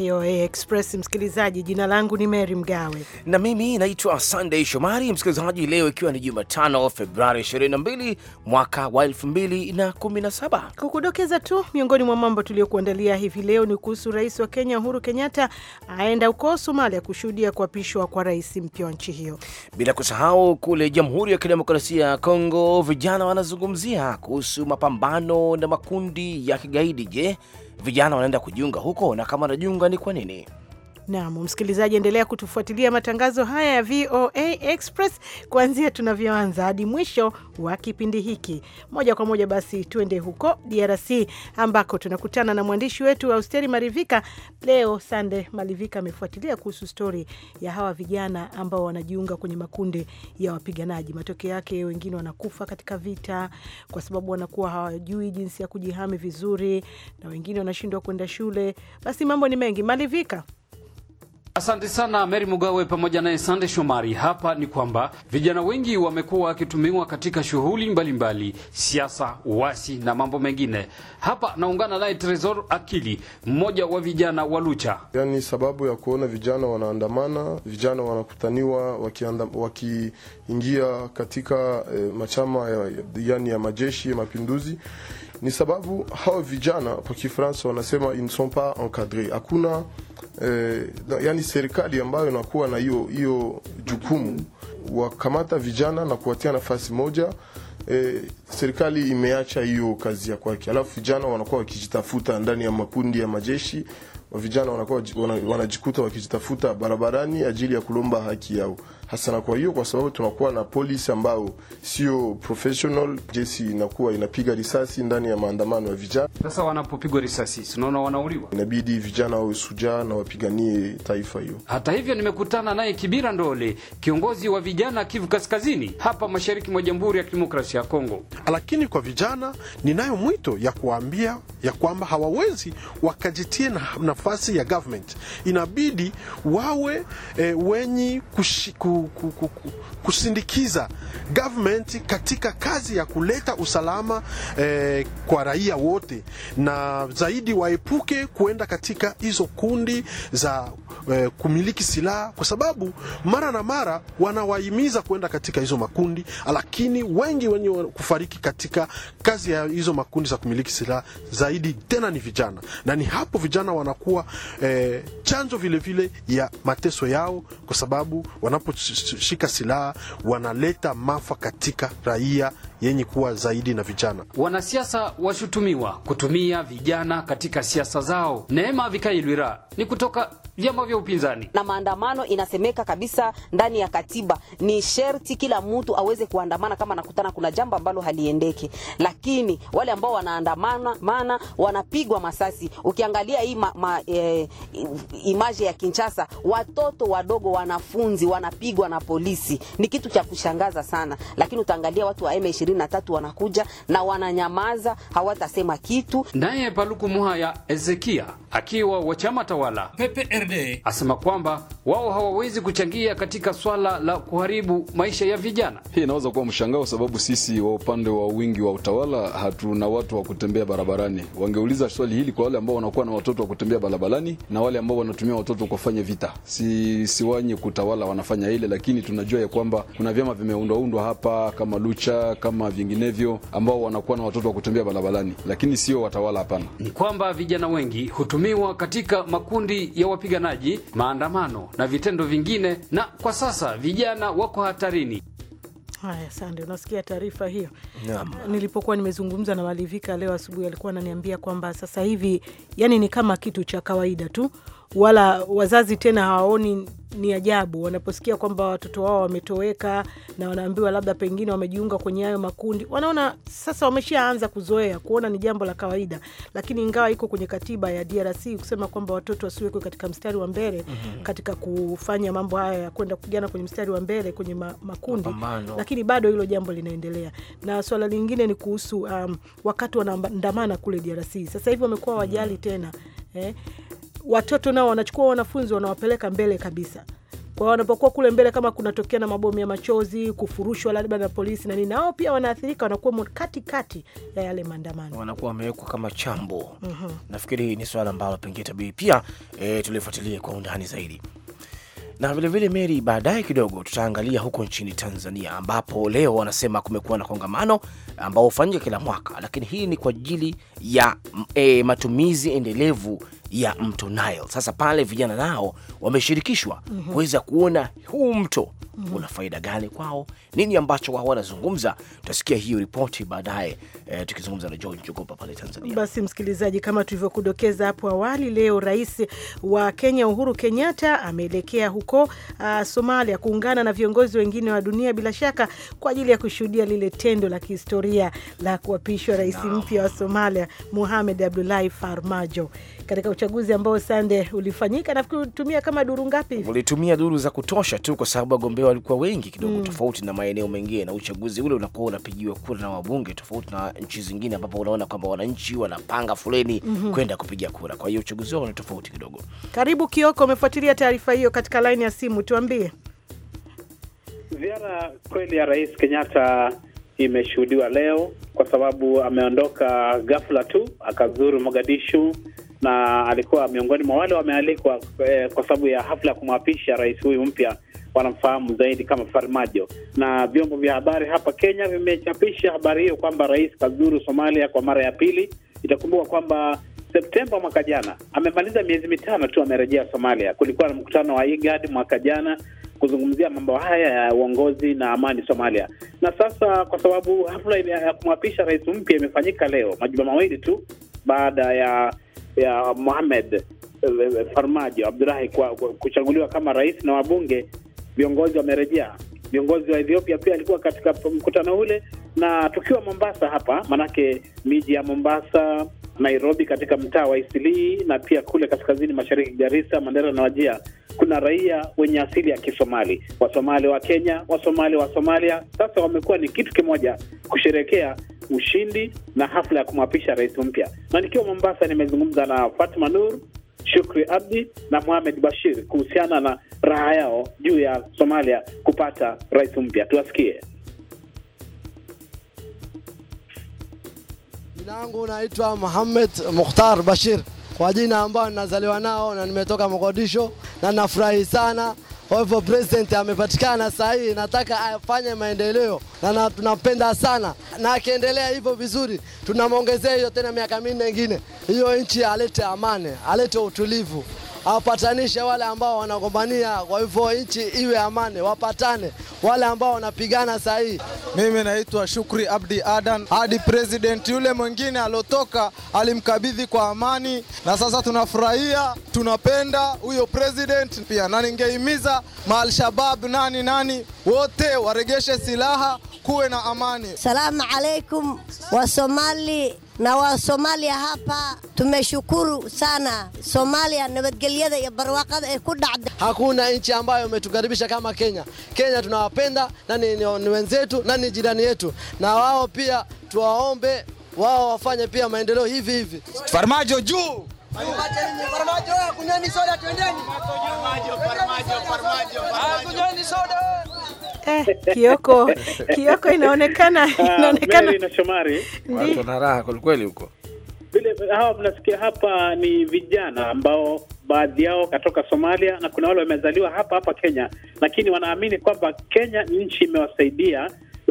VOA Express, msikilizaji. Jina langu ni Mary Mgawe na mimi naitwa Sunday Shomari. Msikilizaji, leo ikiwa ni Jumatano Februari 22 mwaka wa 2017, kukudokeza tu miongoni mwa mambo tuliyokuandalia hivi leo ni kuhusu rais wa Kenya Uhuru Kenyatta aenda huko Somalia kushuhudia kuapishwa kwa rais mpya wa nchi hiyo, bila kusahau kule Jamhuri ya Kidemokrasia ya Kongo vijana wanazungumzia kuhusu mapambano na makundi ya kigaidi. Je, vijana wanaenda kujiunga huko, na kama wanajiunga ni kwa nini? Naam, msikilizaji, endelea kutufuatilia matangazo haya ya VOA Express kuanzia tunavyoanza hadi mwisho wa kipindi hiki moja kwa moja. Basi tuende huko DRC ambako tunakutana na mwandishi wetu Austeri Marivika. Leo Sande Marivika amefuatilia kuhusu stori ya hawa vijana ambao wanajiunga kwenye makundi ya wapiganaji. Matokeo yake wengine wanakufa katika vita kwa sababu wanakuwa hawajui jinsi ya kujihami vizuri, na wengine wanashindwa kwenda shule. Basi mambo ni mengi. Marivika, Asante sana Mary Mugawe pamoja naye Sande Shomari. Hapa ni kwamba vijana wengi wamekuwa wakitumiwa katika shughuli mbalimbali, siasa, uasi na mambo mengine. Hapa naungana naye Tresor Akili, mmoja wa vijana wa Lucha. Yaani sababu ya kuona vijana wanaandamana, vijana wanakutaniwa wakiingia waki katika eh, machama ya, yani ya majeshi ya mapinduzi ni sababu hao vijana kwa Kifaransa wanasema ils ne sont pas encadrés, hakuna eh, yani serikali ambayo inakuwa na hiyo hiyo jukumu wakamata vijana na kuwatia nafasi moja eh, serikali imeacha hiyo kazi ya kwake, alafu vijana wanakuwa wakijitafuta ndani ya makundi ya majeshi vijana wanakuwa wanajikuta wakijitafuta barabarani ajili ya kulomba haki yao hasa. Na kwa hiyo kwa sababu tunakuwa na polisi ambao sio professional, jesi inakuwa inapiga risasi ndani ya maandamano ya vijana. Sasa wanapopigwa risasi, tunaona wanauliwa, inabidi vijana wawe sujaa na wapiganie taifa hiyo. Hata hivyo, nimekutana naye Kibira Ndole, kiongozi wa vijana Kivu Kaskazini hapa mashariki mwa Jamhuri ya Kidemokrasia ya Kongo. Lakini kwa vijana ninayo mwito ya kuambia ya kwamba hawawezi wakajitie na nafasi ya government, inabidi wawe e, eh, wenye kushiku kusindikiza government katika kazi ya kuleta usalama eh, kwa raia wote, na zaidi waepuke kuenda katika hizo kundi za eh, kumiliki silaha, kwa sababu mara na mara wanawahimiza kuenda katika hizo makundi, lakini wengi wenye kufariki katika kazi ya hizo makundi za kumiliki silaha zaidi tena ni vijana, na ni hapo vijana wanakuwa eh, chanzo vilevile vile ya mateso yao, kwa sababu wanapo wanashika silaha wanaleta mafa katika raia yenye kuwa zaidi na vijana. Wanasiasa washutumiwa kutumia vijana katika siasa zao. Neema Vikailwira ni kutoka vyama vya upinzani na maandamano. Inasemeka kabisa ndani ya katiba ni sherti kila mtu aweze kuandamana kama nakutana kuna jambo ambalo haliendeki, lakini wale ambao wanaandamana maana wanapigwa masasi. Ukiangalia hii ma, ma, e, imaji ya kinchasa watoto wadogo, wanafunzi wanapigwa na polisi, ni kitu cha kushangaza sana. Lakini utaangalia watu wa M23 wanakuja na wananyamaza, hawatasema kitu. Naye Paluku muha ya Ezekia akiwa wa chama tawala pepe er- Mande asema kwamba wao hawawezi kuchangia katika swala la kuharibu maisha ya vijana. Hii inaweza kuwa mshangao, sababu sisi wa upande wa wingi wa utawala hatuna watu wa kutembea barabarani. Wangeuliza swali hili kwa wale ambao wanakuwa na watoto wa kutembea barabarani na wale ambao wanatumia watoto kufanya vita. Si siwanye kutawala wanafanya ile, lakini tunajua ya kwamba kuna vyama vimeundwaundwa hapa kama Lucha kama vinginevyo, ambao wanakuwa na watoto wa kutembea barabarani, lakini sio watawala. Hapana, ni kwamba vijana wengi hutumiwa katika makundi ya wapiga wapiganaji, maandamano na vitendo vingine, na kwa sasa vijana wako hatarini. Haya, asante. Unasikia taarifa hiyo. Nilipokuwa nimezungumza na Malivika leo asubuhi, alikuwa ananiambia kwamba sasa hivi yani ni kama kitu cha kawaida tu, wala wazazi tena hawaoni ni ajabu wanaposikia kwamba watoto wao wametoweka na wanaambiwa labda pengine wamejiunga kwenye hayo makundi. Wanaona sasa wameshaanza kuzoea kuona ni jambo la kawaida, lakini ingawa iko kwenye katiba ya DRC kusema kwamba watoto wasiwekwe katika mstari wa mbele mm -hmm. katika kufanya mambo haya ya kwenda kupigana kwenye mstari wa mbele kwenye ma makundi Lakini bado hilo jambo linaendelea, na swala lingine ni kuhusu um, wakati wanaandamana kule DRC sasa hivi wamekuwa wajali mhm. tena eh, watoto nao wanachukua wanafunzi wanawapeleka mbele kabisa. Kwa wanapokuwa kule mbele, kama kunatokea na mabomu ya machozi, kufurushwa labda na polisi na nini, nao pia wanaathirika, wanakuwa katikati ya yale maandamano, wanakuwa wamewekwa kama chambo. mm -hmm. Nafikiri ni swala ambalo pengine tabii pia e, eh, tulifuatilia kwa undani zaidi na vilevile Meri, baadaye kidogo tutaangalia huko nchini Tanzania, ambapo leo wanasema kumekuwa na kongamano ambao hufanyika kila mwaka, lakini hii ni kwa ajili ya e, matumizi endelevu ya mto Nile. Sasa pale vijana nao wameshirikishwa mm -hmm. kuweza kuona huu mto mm -hmm. una faida gani kwao, nini ambacho wao wanazungumza. Tutasikia hiyo ripoti baadaye eh, tukizungumza na George Jogopa pale Tanzania. Basi msikilizaji, kama tulivyokudokeza hapo awali, leo Rais wa Kenya Uhuru Kenyatta ameelekea huko uh, Somalia kuungana na viongozi wengine wa dunia bila shaka kwa ajili ya kushuhudia lile tendo la kihistoria la kuapishwa rais mpya wa Somalia Mohamed Abdullahi Farmajo katika uchaguzi ambao sande ulifanyika, nafikiri ulitumia kama duru ngapi? Ulitumia duru za kutosha tu, kwa sababu wagombea walikuwa wengi kidogo, mm. tofauti na maeneo mengine, na uchaguzi ule unakuwa unapigiwa kura na wabunge, tofauti na nchi zingine ambapo unaona kwamba wananchi wanapanga fuleni mm -hmm. kwenda kupiga kura. Kwa hiyo uchaguzi wao ni tofauti kidogo. Karibu Kioko, umefuatilia taarifa hiyo katika laini ya simu, tuambie. Ziara kweli ya Rais Kenyatta imeshuhudiwa leo kwa sababu ameondoka ghafla tu akazuru Mogadishu na alikuwa miongoni mwa wale wamealikwa eh, kwa sababu ya hafla ya kumwapisha rais huyu mpya wanamfahamu zaidi kama Farmajo, na vyombo vya habari hapa Kenya vimechapisha habari hiyo kwamba rais kazuru Somalia kwa mara ya pili. Itakumbuka kwamba Septemba mwaka jana amemaliza miezi mitano tu amerejea Somalia. Kulikuwa na mkutano wa IGAD mwaka jana kuzungumzia mambo haya ya uongozi na amani Somalia, na sasa kwa sababu hafla ya kumwapisha rais mpya imefanyika leo majuma mawili tu baada ya ya Mohamed eh, Farmajo Abdulahi kwa kuchaguliwa kama rais na wabunge, viongozi wamerejea. Viongozi wa Ethiopia pia alikuwa katika mkutano ule, na tukiwa Mombasa hapa, manake miji ya Mombasa, Nairobi katika mtaa wa Isilii na pia kule kaskazini mashariki Garissa, Mandera na Wajia kuna raia wenye asili ya Kisomali, Wasomali wa Kenya, Wasomali wa Somalia. Sasa wamekuwa ni kitu kimoja kusherekea ushindi na hafla ya kumwapisha rais mpya. Na nikiwa Mombasa, nimezungumza na Fatma Nur Shukri Abdi na muhamed Bashir kuhusiana na raha yao juu ya Somalia kupata rais mpya. Tuwasikie. Jina langu naitwa Muhamed Mukhtar Bashir, kwa jina ambayo ninazaliwa nao na nimetoka Mogadisho, na nafurahi sana kwa hivyo president amepatikana saa hii, nataka afanye maendeleo na tunampenda sana, na akiendelea hivyo vizuri, tunamwongezea hiyo tena miaka minne ingine hiyo nchi alete amani, alete utulivu awapatanishe wale ambao wanagombania. Kwa hivyo nchi iwe amani, wapatane wale ambao wanapigana saa hii. Mimi naitwa Shukri Abdi Adan. Hadi president yule mwingine aliotoka alimkabidhi kwa amani, na sasa tunafurahia, tunapenda huyo president pia, na ningehimiza maalshabab nani nani wote waregeshe silaha, kuwe na amani. Salamu alaikum wasomali na waa Soomaaliya hapa. Tumeshukuru sana Soomaaliya nabadgelyada iyo barwaaqada ay ku dhacday. Hakuna nchi ambayo umetukaribisha kama Kenya. Kenya tunawapenda na ni, wenzetu na ni jirani yetu, na wao pia tuwaombe wao wafanye pia maendeleo hivi hivi. Farmajo juu Farmajo, kunyeni soda, twendeni. Farmajo, Farmajo, Farmajo, Eh, Kioko, Kioko inaonekana ah, inaonekana na Shomari watu na raha kwelikweli huko vile. Hawa mnasikia hapa ni vijana ambao baadhi yao katoka Somalia na kuna wale wamezaliwa hapa hapa Kenya, lakini wanaamini kwamba Kenya ni nchi imewasaidia.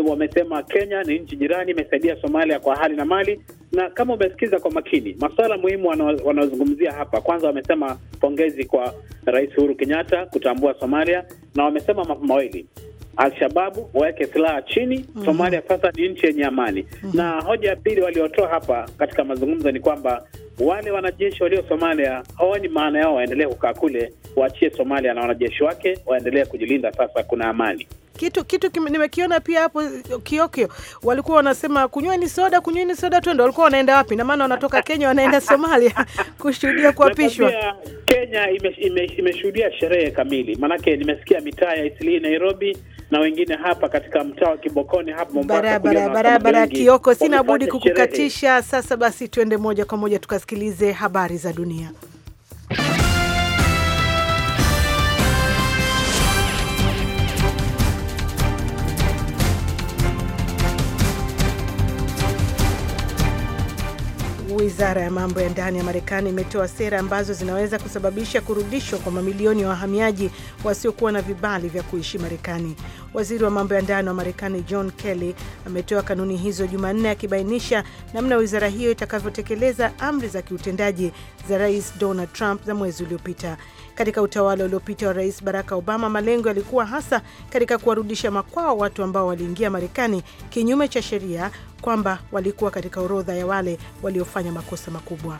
Wamesema Kenya ni nchi jirani, imesaidia Somalia kwa hali na mali, na kama umesikiza kwa makini masuala muhimu wanaozungumzia hapa, kwanza wamesema pongezi kwa Rais Uhuru Kenyatta kutambua Somalia, na wamesema mambo mawili Alshababu waweke silaha chini. mm -hmm. Somalia sasa ni nchi yenye amani. mm -hmm. Na hoja ya pili waliotoa hapa katika mazungumzo ni kwamba wale wanajeshi walio Somalia hawaoni maana yao waendelee kukaa kule, waachie Somalia na wanajeshi wake waendelee kujilinda. Sasa kuna amani. Kitu kitu kim, nimekiona pia hapo Kiokio walikuwa wanasema kunyweni soda, kunyweni soda, twende. Walikuwa wanaenda wapi? Na maana wanatoka Kenya wanaenda Somalia kushuhudia kuapishwa. Kenya imeshuhudia ime, ime sherehe kamili, maanake nimesikia mitaa ya Isilii, Nairobi na wengine hapa katika mtaa wa Kibokoni hapa Mombasa, barabara barabara. Kioko, sina budi kukukatisha Sasa basi tuende moja kwa moja tukasikilize habari za dunia. Wizara ya mambo ya ndani ya Marekani imetoa sera ambazo zinaweza kusababisha kurudishwa kwa mamilioni ya wa wahamiaji wasiokuwa na vibali vya kuishi Marekani. Waziri wa mambo ya ndani wa Marekani John Kelly ametoa kanuni hizo Jumanne, akibainisha namna wizara hiyo itakavyotekeleza amri za kiutendaji za Rais Donald Trump za mwezi uliopita. Katika utawala uliopita wa Rais Barack Obama, malengo yalikuwa hasa katika kuwarudisha makwao watu ambao waliingia Marekani kinyume cha sheria, kwamba walikuwa katika orodha ya wale waliofanya makosa makubwa.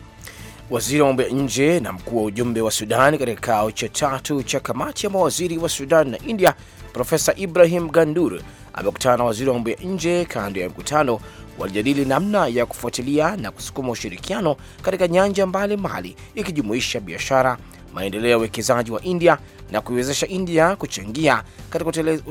Waziri wa mambo ya nje na mkuu wa ujumbe wa Sudan katika kikao cha tatu cha kamati ya mawaziri wa Sudan na India, Profesa Ibrahim Gandur amekutana na waziri wa mambo ya nje. Kando ya mkutano, walijadili namna ya kufuatilia na kusukuma ushirikiano katika nyanja mbalimbali, ikijumuisha biashara maendeleo ya uwekezaji wa India na kuiwezesha India kuchangia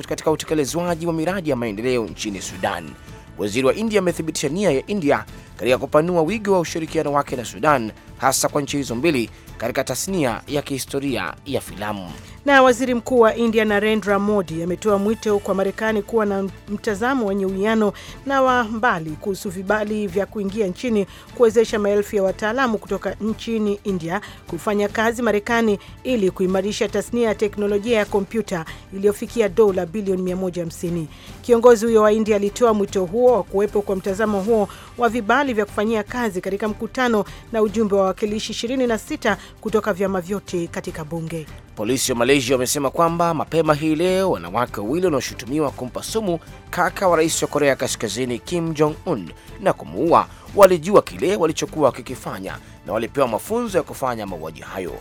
katika utekelezwaji wa miradi ya maendeleo nchini Sudan. Waziri wa India amethibitisha nia ya India katika kupanua wigo wa ushirikiano wake na Sudan, hasa kwa nchi hizo mbili katika tasnia ya kihistoria ya filamu. Na waziri mkuu wa India Narendra Modi ametoa mwito kwa Marekani kuwa na mtazamo wenye uwiano na wa mbali kuhusu vibali vya kuingia nchini, kuwezesha maelfu ya wataalamu kutoka nchini India kufanya kazi Marekani ili kuimarisha tasnia ya teknolojia ya kompyuta iliyofikia dola bilioni 150. Kiongozi huyo wa India alitoa mwito huo wa kuwepo kwa mtazamo huo wa vibali vya kufanyia kazi katika mkutano na ujumbe wa wawakilishi 26 kutoka vyama vyote katika bunge. Polisi wa Malaysia wamesema kwamba mapema hii leo wanawake wawili wanaoshutumiwa kumpa sumu kaka wa rais wa Korea Kaskazini Kim Jong Un na kumuua walijua kile walichokuwa wakikifanya na walipewa mafunzo ya kufanya mauaji hayo.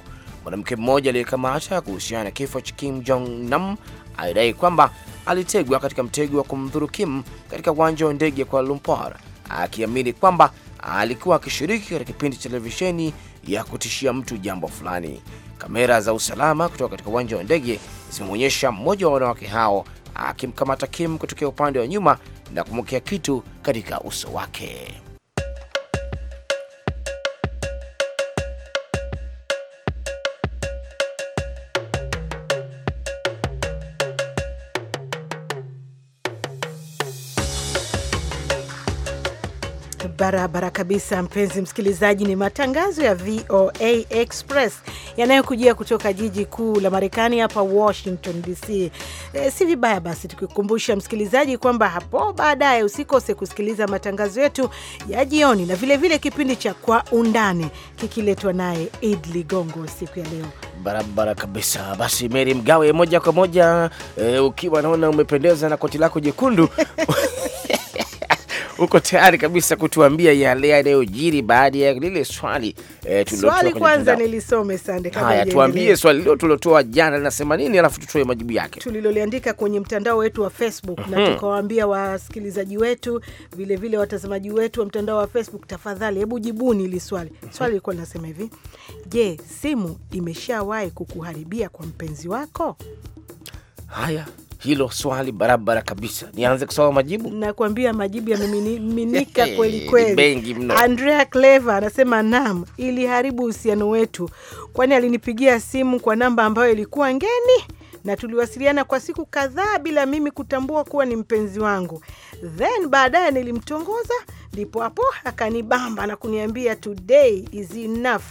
Mwanamke mmoja aliyekamata kuhusiana na kifo cha Kim Jong Nam alidai kwamba alitegwa katika mtego wa kumdhuru Kim katika uwanja wa ndege kwa Lumpur, akiamini kwamba alikuwa akishiriki katika kipindi cha televisheni ya kutishia mtu jambo fulani. Kamera za usalama kutoka katika uwanja wa ndege zimemwonyesha mmoja wa wanawake hao akimkamata Kim kutokea upande wa nyuma na kumwekea kitu katika uso wake. barabara kabisa, mpenzi msikilizaji, ni matangazo ya VOA Express yanayokujia kutoka jiji kuu la Marekani hapa Washington DC. E, si vibaya basi tukikumbusha msikilizaji kwamba hapo baadaye usikose kusikiliza matangazo yetu ya jioni na vilevile vile kipindi cha Kwa Undani kikiletwa naye Id Ligongo siku ya leo. Barabara kabisa. Basi Meri Mgawe, moja kwa moja e, ukiwa naona umependeza na koti lako jekundu uko tayari kabisa kutuambia yale yanayojiri baada ya lile swali eh, swali kwanza nilisome sande. Haya, tuambie swali lilo tulotoa jana linasema nini, alafu tutoe majibu yake tuliloliandika kwenye mtandao wetu wa Facebook. mm -hmm. na mhm. tukawaambia wasikilizaji wetu vilevile watazamaji wetu wa mtandao wa Facebook, tafadhali hebu jibuni hili swali. Swali lilikuwa linasema hivi: Je, simu imeshawahi kukuharibia kwa mpenzi wako? Haya hilo swali barabara kabisa. Nianze kusoma majibu, nakuambia majibu yamemiminika kweli kweli, mengi mno. Andrea Clever anasema nam, iliharibu uhusiano wetu, kwani alinipigia simu kwa namba ambayo ilikuwa ngeni na tuliwasiliana kwa siku kadhaa bila mimi kutambua kuwa ni mpenzi wangu. Then baadaye nilimtongoza, ndipo hapo akanibamba na kuniambia today is enough.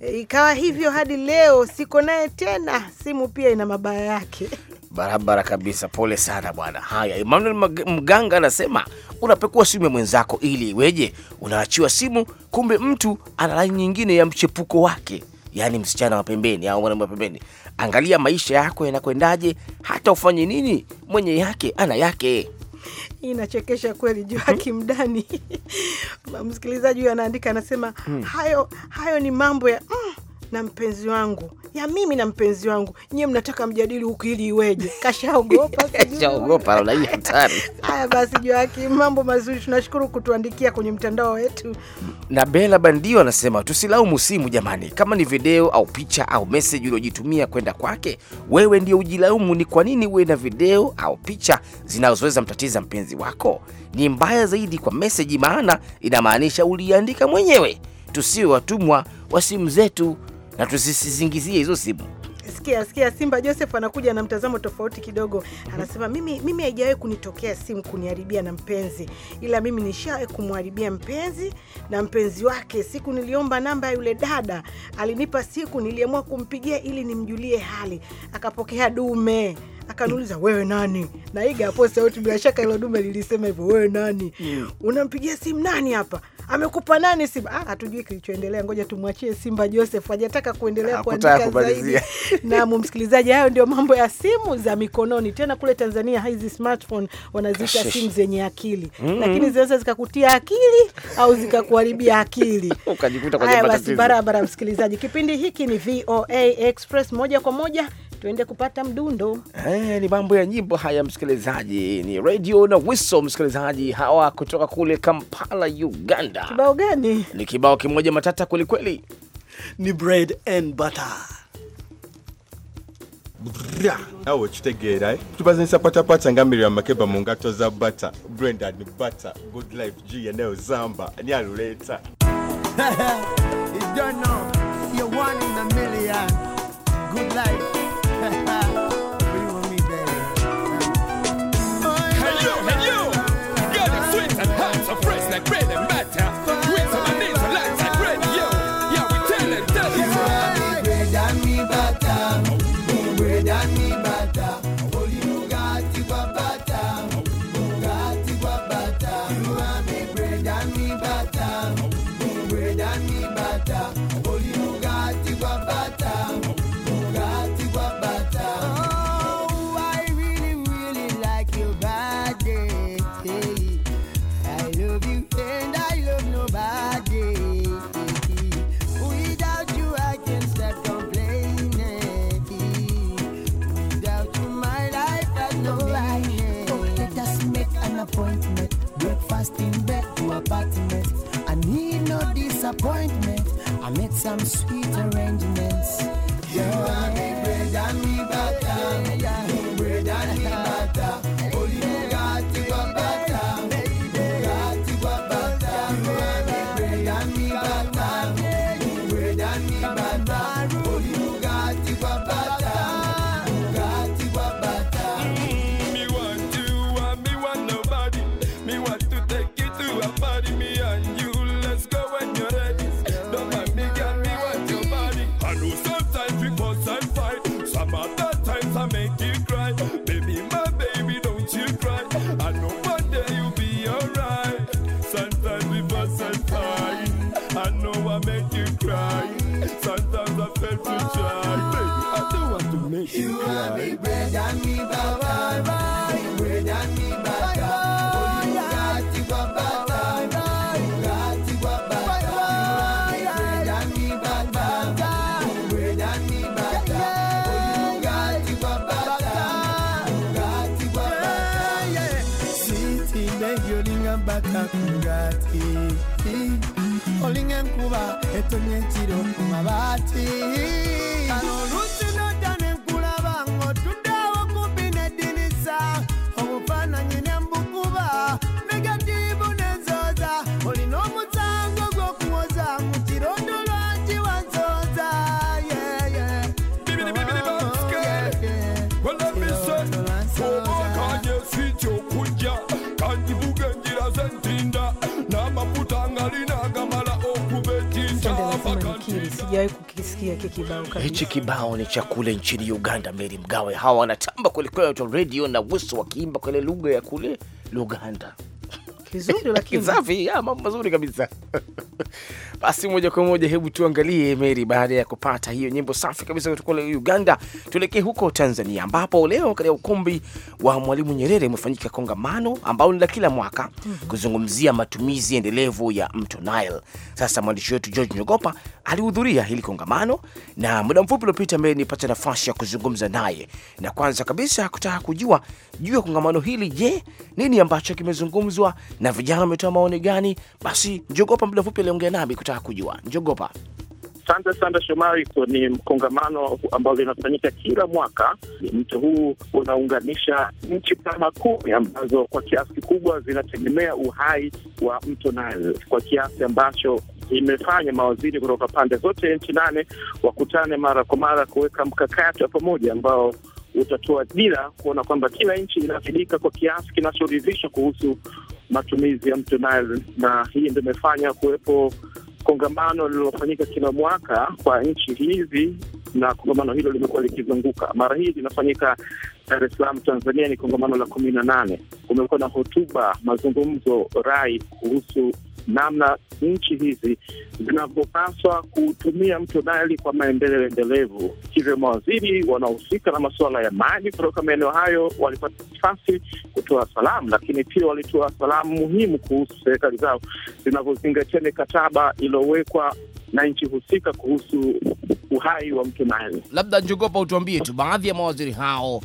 E, ikawa hivyo hadi leo, siko naye tena. Simu pia ina mabaya yake. Barabara kabisa, pole sana bwana. Haya, Emmanuel Mganga anasema unapekua simu ya mwenzako ili iweje? Unaachiwa simu, kumbe mtu ana laini nyingine ya mchepuko wake, yaani msichana wa pembeni au mwanamume wa pembeni angalia maisha yako yanakwendaje, hata ufanye nini, mwenye yake ana yake. Inachekesha kweli Joakim mhm. Dani msikilizaji huyo anaandika, anasema hmm, hayo hayo ni mambo ya mm, na mpenzi wangu ya mimi na mpenzi wangu, nyie mnataka mjadili huku ili iweje? Kashaogopa, kashaogopa na hii hatari. Haya basi, Joakim, mambo mazuri, tunashukuru kutuandikia kwenye mtandao wetu. Na Bela Bandio anasema tusilaumu simu jamani, kama ni video au picha au message uliojitumia kwenda kwake, wewe ndio ujilaumu. Ni kwa nini uwe na video au picha zinazoweza mtatiza mpenzi wako? Ni mbaya zaidi kwa message, maana inamaanisha uliandika mwenyewe. Tusiwe watumwa wa simu zetu na tusisizingizie hizo simu. Sikia, sikia, Simba Joseph anakuja na mtazamo tofauti kidogo, anasema mimi mimi haijawahi kunitokea simu kuniharibia na mpenzi, ila mimi nishawahi kumharibia mpenzi na mpenzi wake. Siku niliomba namba ya yule dada, alinipa siku, niliamua kumpigia ili nimjulie hali, akapokea dume akaniuliza wewe nani? Na iga hapo sauti, bila shaka hilo dume lilisema hivyo, wewe nani? yeah. unampigia simu nani hapa amekupa nani simu? Ah, hatujui kilichoendelea, ngoja tumwachie Simba Joseph, hajataka kuendelea kuandika zaidi. Na msikilizaji, hayo ndio mambo ya simu za mikononi. Tena kule Tanzania hizi smartphone wanaziita simu zenye akili mm -hmm. Lakini zinaweza zikakutia akili au zikakuharibia akili ukajikuta kwenye matatizo. Basi barabara, msikilizaji, kipindi hiki ni VOA Express moja kwa moja tuende kupata mdundo. Eh, ni mambo ya nyimbo haya, msikilizaji. Ni radio na wiso, msikilizaji, hawa kutoka kule Kampala, Uganda. Kibao gani? Ni kibao kimoja matata kwelikweli, ni bread and butter nawe kitegeera tubaze nsapatapata nga miriam makeba mu ngato za bata brendan bata good life g zamba ni aluleeta You don't know, you're one in a million. Good life. appointment. I made some sweet arrangements. You are me bread and me baba. bread and me baba. Bugatti wa baba. Bugatti wa baba. You are me bread and me baba. bread and me baba. Bugatti wa baba. Bugatti wa baba. City beg you linga bata Bugatti. Olinga kuba etonye chiro kumabati. Kanolu Hichi kibao ni cha kule nchini Uganda, Meri Mgawe. Hawa wanatamba kwelikweli, watu redio na Wuso wakiimba kwele lugha ya kule Luganda kizuri lakini safi, ah, mambo mazuri kabisa. Basi moja kwa moja, hebu tuangalie Mary, baada ya kupata hiyo nyimbo safi kabisa kutoka kule Uganda, tuelekee huko Tanzania, ambapo leo katika ukumbi wa Mwalimu Nyerere umefanyika kongamano ambao ni la kila mwaka mm -hmm. kuzungumzia matumizi endelevu ya mto Nile. Sasa mwandishi wetu George Nyogopa alihudhuria hili kongamano na muda mfupi uliopita Mary nipata nafasi ya kuzungumza naye, na kwanza kabisa kutaka kujua juu ya kongamano hili, je, nini ambacho kimezungumzwa na vijana wametoa maoni gani? Basi Njogopa muda mfupi aliongea nami kutaka kujua. Njogopa. Asante sana Shomari. Ni mkongamano ambao linafanyika kila mwaka. Mto huu unaunganisha nchi kama kumi ambazo kwa kiasi kikubwa zinategemea uhai wa mto Nile, kwa kiasi ambacho imefanya mawaziri kutoka pande zote nchi nane wakutane mara kwa mara kuweka mkakati wa pamoja ambao utatoa dira kuona kwamba kila nchi inafidika kwa kiasi kinachoridhisha kuhusu matumizi ya mto Nile, na hii ndio imefanya kuwepo kongamano lililofanyika kila mwaka kwa nchi hizi na kongamano hilo limekuwa likizunguka. Mara hii linafanyika Dar es Salaam, Tanzania, ni kongamano la kumi na nane. Kumekuwa na hotuba, mazungumzo, rai kuhusu namna nchi hizi zinavyopaswa kutumia mto nali kwa maendeleo endelevu. Hivyo mawaziri wanaohusika na masuala ya maji kutoka maeneo hayo walipata nafasi kutoa salamu, lakini pia walitoa salamu muhimu kuhusu serikali zao zinavyozingatia mikataba iliyowekwa na nchi husika kuhusu uhai wa mto nali Labda Njogopa, utuambie tu baadhi ya mawaziri hao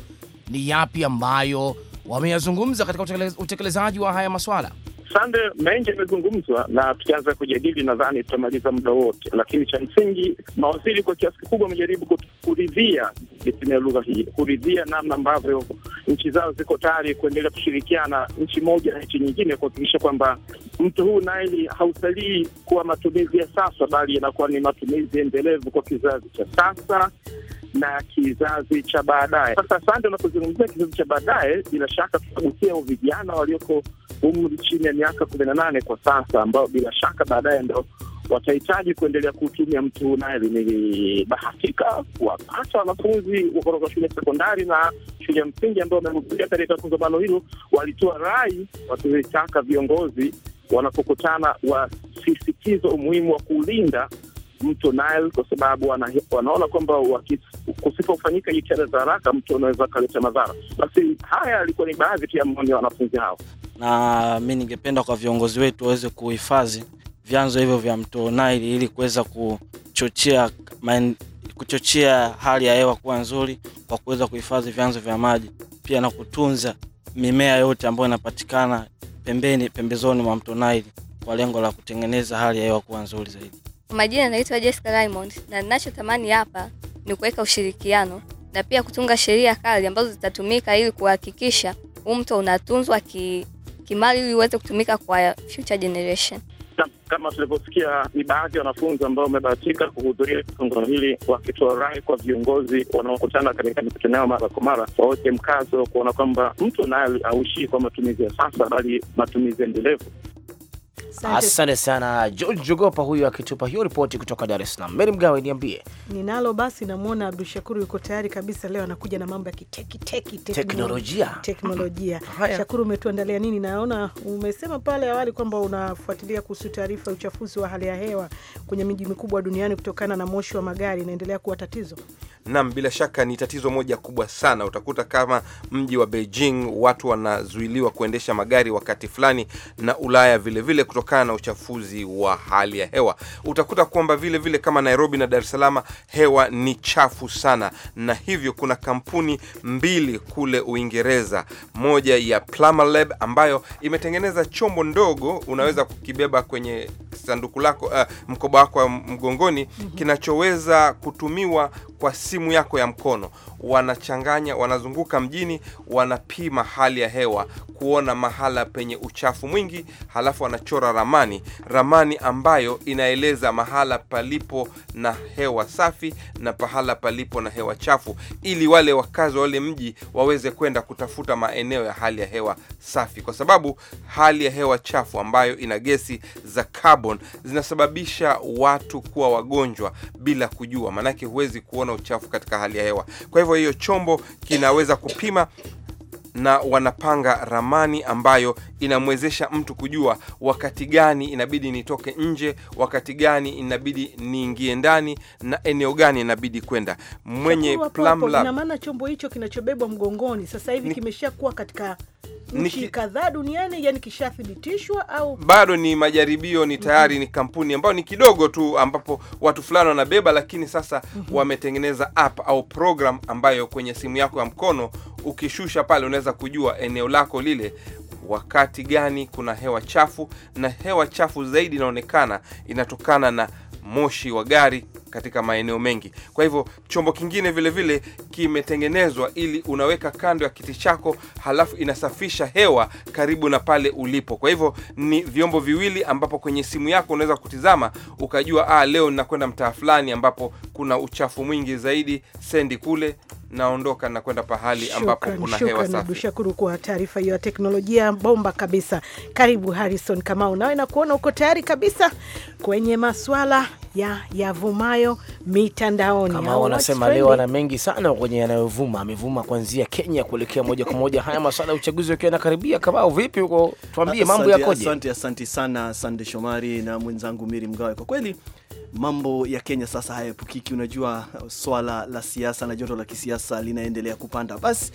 ni yapi ambayo wameyazungumza katika utekelezaji wa haya maswala. Sande, mengi yamezungumzwa na tukianza kujadili nadhani tutamaliza muda wote, lakini cha msingi mawaziri kwa kiasi kikubwa wamejaribu kuridhia, ya lugha hii, kuridhia namna ambavyo nchi zao ziko tayari kuendelea kushirikiana nchi moja na nchi nyingine kuhakikisha kwamba mto huu Naili hausalii kuwa matumizi ya sasa, bali yanakuwa ni matumizi endelevu kwa kizazi cha sasa na kizazi cha baadaye. Sasa asante, unapozungumzia kizazi cha baadaye, bila shaka tutagusia vijana walioko umri chini ya miaka kumi na nane kwa sasa, ambao bila shaka baadaye ndo watahitaji kuendelea kuutumia mtu naye. Nimebahatika kuwapata wanafunzi kutoka shule ya sekondari na shule ya msingi ambao wamehudhuria katika kongamano hilo, walitoa rai wakitaka viongozi wanapokutana wasisitiza umuhimu wa kulinda mto Nile kwa sababu wanaona kwamba wakis kusipofanyika jitihada za haraka, mtu anaweza akaleta madhara. Basi haya yalikuwa ni baadhi tu ya maoni ya wanafunzi hao, na mi ningependa kwa viongozi wetu waweze kuhifadhi vyanzo hivyo vya mto Nile ili kuweza kuchochea main, kuchochea hali ya hewa kuwa nzuri kwa kuweza kuhifadhi vyanzo vya maji pia na kutunza mimea yote ambayo inapatikana pembeni pembezoni mwa mto Nile kwa lengo la kutengeneza hali ya hewa kuwa nzuri zaidi. Majina naitwa Jessica Raymond na ninachotamani hapa ni kuweka ushirikiano na pia kutunga sheria kali ambazo zitatumika ili kuhakikisha huu mto unatunzwa ki, kimali ili uweze kutumika kwa future generation. Kama tulivyosikia ni baadhi ya wanafunzi ambao wamebahatika kuhudhuria kongamano hili, wakitoa rai kwa viongozi wanaokutana katika mikutano yao mara kwa mara waweke mkazo kuona kwamba mtu naye auishii kwa matumizi ya sasa, bali matumizi endelevu. Asante sana George Jogopa, huyu akitupa hiyo ripoti kutoka Dar es Salaam. Meri Mgawe, niambie ninalo. Basi namwona Abdu Shakuru yuko tayari kabisa, leo anakuja na mambo ya kitekiteki, teknolojia teknolojia. Shakuru, umetuandalia nini? Naona umesema pale awali kwamba unafuatilia kuhusu taarifa ya uchafuzi wa hali ya hewa kwenye miji mikubwa duniani kutokana na moshi wa magari inaendelea kuwa tatizo. Naam, bila shaka ni tatizo moja kubwa sana. Utakuta kama mji wa Beijing watu wanazuiliwa kuendesha magari wakati fulani, na Ulaya vilevile vile kutokana na uchafuzi wa hali ya hewa. Utakuta kwamba vile vile kama Nairobi na Dar es Salaam hewa ni chafu sana, na hivyo kuna kampuni mbili kule Uingereza, moja ya Plumber Lab ambayo imetengeneza chombo ndogo unaweza kukibeba kwenye sanduku lako, uh, mkoba wako wa mgongoni mhm. kinachoweza kutumiwa kwa simu yako ya mkono. Wanachanganya, wanazunguka mjini, wanapima hali ya hewa kuona mahala penye uchafu mwingi, halafu wanachora ramani, ramani ambayo inaeleza mahala palipo na hewa safi na pahala palipo na hewa chafu, ili wale wakazi wa wale mji waweze kwenda kutafuta maeneo ya hali ya hewa safi, kwa sababu hali ya hewa chafu ambayo ina gesi za carbon zinasababisha watu kuwa wagonjwa bila kujua, maanake huwezi kuona na uchafu katika hali ya hewa. Kwa hivyo hiyo chombo kinaweza kupima na wanapanga ramani ambayo inamwezesha mtu kujua wakati gani inabidi nitoke nje, wakati gani inabidi niingie ndani na eneo gani inabidi kwenda. Mwenye Plum Lab, ina maana chombo hicho kinachobebwa mgongoni sasa hivi kimeshakuwa katika nchi kadhaa duniani, yani kishathibitishwa au bado ni majaribio? Ni tayari mm -hmm. Ni kampuni ambayo ni kidogo tu, ambapo watu fulani wanabeba, lakini sasa mm -hmm. wametengeneza app au program ambayo kwenye simu yako ya mkono ukishusha pale unaweza unaweza kujua eneo lako lile wakati gani kuna hewa chafu, na hewa chafu zaidi inaonekana inatokana na moshi wa gari katika maeneo mengi. Kwa hivyo chombo kingine vile vile kimetengenezwa ili unaweka kando ya kiti chako, halafu inasafisha hewa karibu na pale ulipo. Kwa hivyo ni vyombo viwili ambapo kwenye simu yako unaweza kutizama ukajua, ah, leo nakwenda mtaa fulani ambapo kuna uchafu mwingi zaidi, sendi kule naondoka na kwenda pahali ambapo kuna hewa safi. Shukuru kwa taarifa hiyo ya teknolojia bomba kabisa. Karibu Harrison Kamau, nawe nakuona uko tayari kabisa kwenye maswala ya yavumayo mitandaoni. Kama wanasema leo ana mengi sana kwenye yanayovuma, amevuma kuanzia Kenya kuelekea moja kwa moja haya masuala ya uchaguzi wakiwa yanakaribia. Kamao, vipi huko, tuambie mambo yakoje? Asante, asante sana Sande Shomari na mwenzangu Miri Mgawe. Kwa kweli mambo ya Kenya sasa hayaepukiki. Unajua, swala la siasa na joto la kisiasa linaendelea kupanda. Basi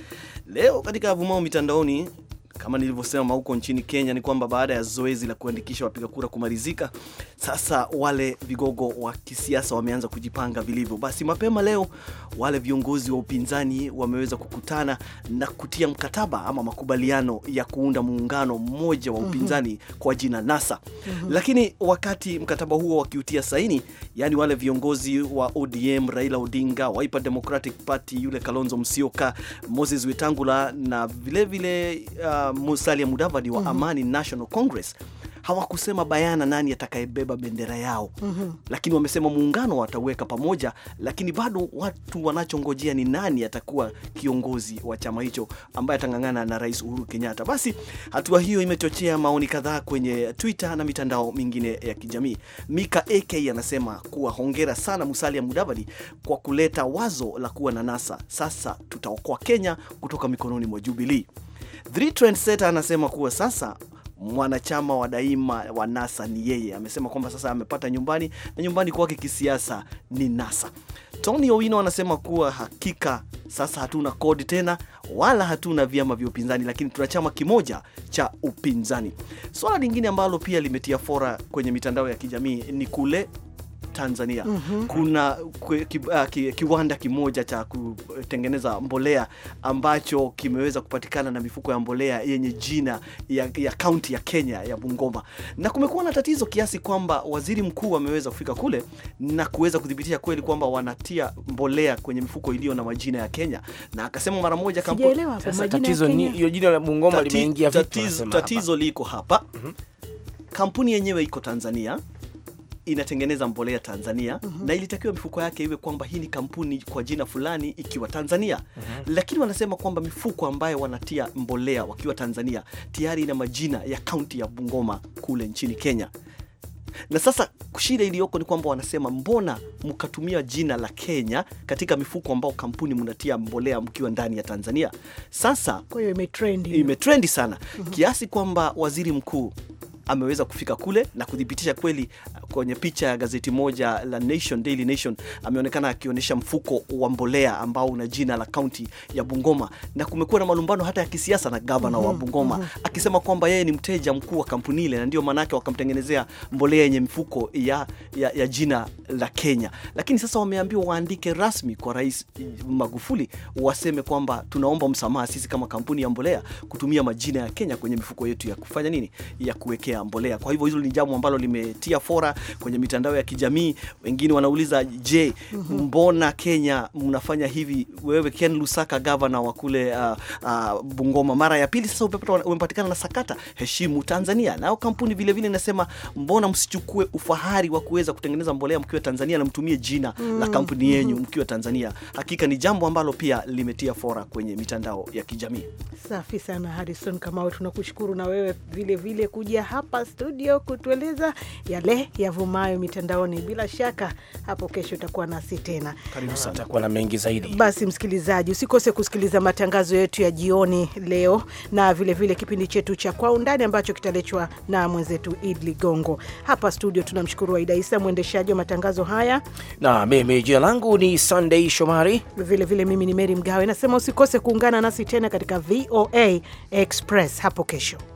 leo katika yavumao mitandaoni kama nilivyosema huko nchini Kenya ni kwamba baada ya zoezi la kuandikisha wapiga kura kumalizika, sasa wale vigogo wa kisiasa wameanza kujipanga vilivyo. Basi mapema leo wale viongozi wa upinzani wameweza kukutana na kutia mkataba ama makubaliano ya kuunda muungano mmoja wa mhm. upinzani mm -hmm. kwa jina NASA mm -hmm. Lakini wakati mkataba huo wakiutia saini, yani wale viongozi wa ODM Raila Odinga, Wiper Democratic Party yule Kalonzo Musyoka, Moses Wetangula na vilevile vile, uh, Musalia Mudavadi wa mm -hmm. Amani National Congress hawakusema bayana nani atakayebeba bendera yao mm -hmm. Lakini wamesema muungano watauweka pamoja, lakini bado watu wanachongojea ni nani atakuwa kiongozi wa chama hicho ambaye atang'ang'ana na Rais Uhuru Kenyatta. Basi hatua hiyo imechochea maoni kadhaa kwenye Twitter na mitandao mingine ya kijamii. Mika AK anasema kuwa hongera sana Musalia Mudavadi kwa kuleta wazo la kuwa na NASA. Sasa tutaokoa Kenya kutoka mikononi mwa Jubilee. Trendsetter anasema kuwa sasa mwanachama wa daima wa NASA ni yeye. Amesema kwamba sasa amepata nyumbani na nyumbani kwake kisiasa ni NASA. Tony Owino anasema kuwa hakika sasa hatuna kodi tena wala hatuna vyama vya upinzani, lakini tuna chama kimoja cha upinzani. Swala lingine ambalo pia limetia fora kwenye mitandao ya kijamii ni kule Tanzania mm -hmm. Kuna ki, uh, ki, kiwanda kimoja cha kutengeneza mbolea ambacho kimeweza kupatikana na mifuko ya mbolea yenye jina ya kaunti ya, Kenya ya Bungoma, na kumekuwa na tatizo kiasi kwamba waziri mkuu ameweza kufika kule na kuweza kuthibitisha kweli kwamba wanatia mbolea kwenye mifuko iliyo na majina ya Kenya, na akasema mara moja kampuni tatizo ni hiyo jina la Bungoma limeingia. Tatizo liko hapa, mhm. kampuni yenyewe iko Tanzania inatengeneza mbolea Tanzania mm -hmm. na ilitakiwa mifuko yake iwe kwamba hii ni kampuni kwa jina fulani ikiwa Tanzania mm -hmm. lakini wanasema kwamba mifuko ambayo wanatia mbolea wakiwa Tanzania tayari ina majina ya kaunti ya Bungoma kule nchini Kenya na sasa shida iliyoko ni kwamba wanasema mbona mkatumia jina la Kenya katika mifuko ambao kampuni mnatia mbolea mkiwa ndani ya Tanzania? Sasa kwa hiyo imetrendi, imetrendi sana mm -hmm. kiasi kwamba waziri mkuu ameweza kufika kule na kuthibitisha kweli. Kwenye picha ya gazeti moja la Nation, Daily Nation, ameonekana akionyesha mfuko wa mbolea ambao una jina la kaunti ya Bungoma, na kumekuwa na malumbano hata ya kisiasa na gavana mm -hmm, wa mhm, Bungoma mm -hmm, akisema kwamba yeye ni mteja mkuu wa kampuni ile na ndio maanake wakamtengenezea mbolea yenye mfuko ya, ya, ya jina la Kenya. Lakini sasa wameambiwa waandike rasmi kwa Rais Magufuli waseme kwamba tunaomba msamaha sisi kama kampuni ya mbolea kutumia majina ya Kenya kwenye mifuko yetu ya kufanya nini, ya kuwekea kuwekea mbolea. Kwa hivyo hilo ni jambo ambalo limetia fora kwenye mitandao ya kijamii. Wengine wanauliza je, mhm. mbona Kenya mnafanya hivi? Wewe Ken Lusaka, gavana wa kule uh, uh, Bungoma, mara ya pili sasa umepatikana na sakata. Heshimu Tanzania. Nao kampuni vilevile inasema mbona msichukue ufahari wa kuweza kutengeneza mbolea mkiwa Tanzania na mtumie jina mm, la kampuni yenyu mm-hmm. mkiwa Tanzania. Hakika ni jambo ambalo pia limetia fora kwenye mitandao ya kijamii. Safi sana Harrison Kamau, tunakushukuru na wewe vilevile kuja hapa hapa studio kutueleza yale yavumayo mitandaoni. Bila shaka hapo kesho utakuwa nasi tena, karibu sana, tutakuwa na mengi zaidi. Basi msikilizaji, usikose kusikiliza matangazo yetu ya jioni leo na vilevile vile kipindi chetu cha Kwa Undani ambacho kitaletwa na mwenzetu Id Ligongo hapa studio. Tunamshukuru Aida Isa, mwendeshaji wa matangazo haya, na mimi jina langu ni Sunday Shomari. Vilevile vile mimi ni Meri Mgawe, nasema usikose kuungana nasi tena katika VOA Express hapo kesho.